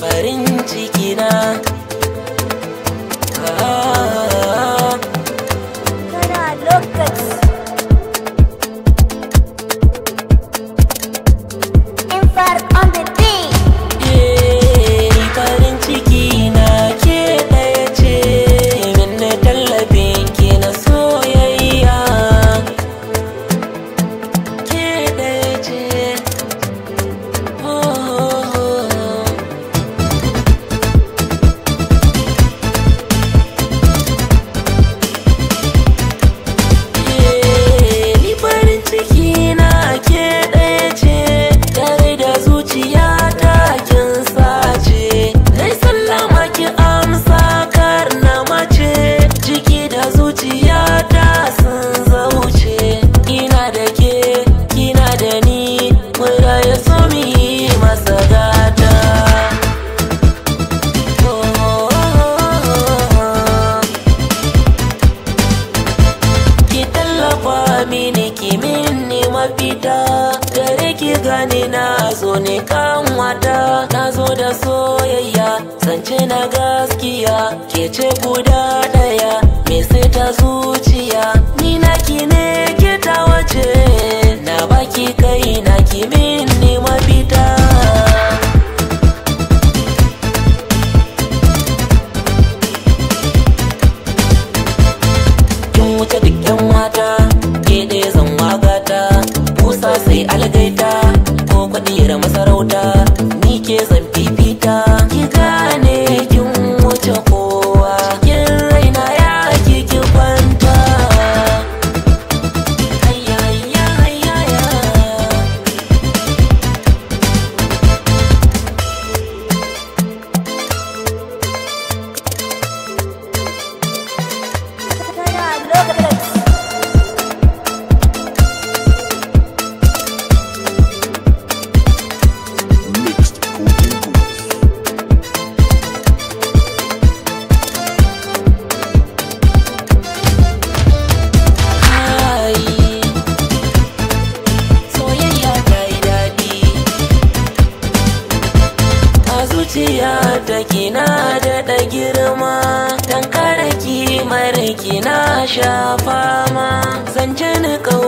farin na ne ki min ne mafita gare ki gani na zo ne kan wata na zo da so sai algaita ko kwaɗiyar masarauta zuciya ta kina daɗa girma tankara mara kina sha fama zan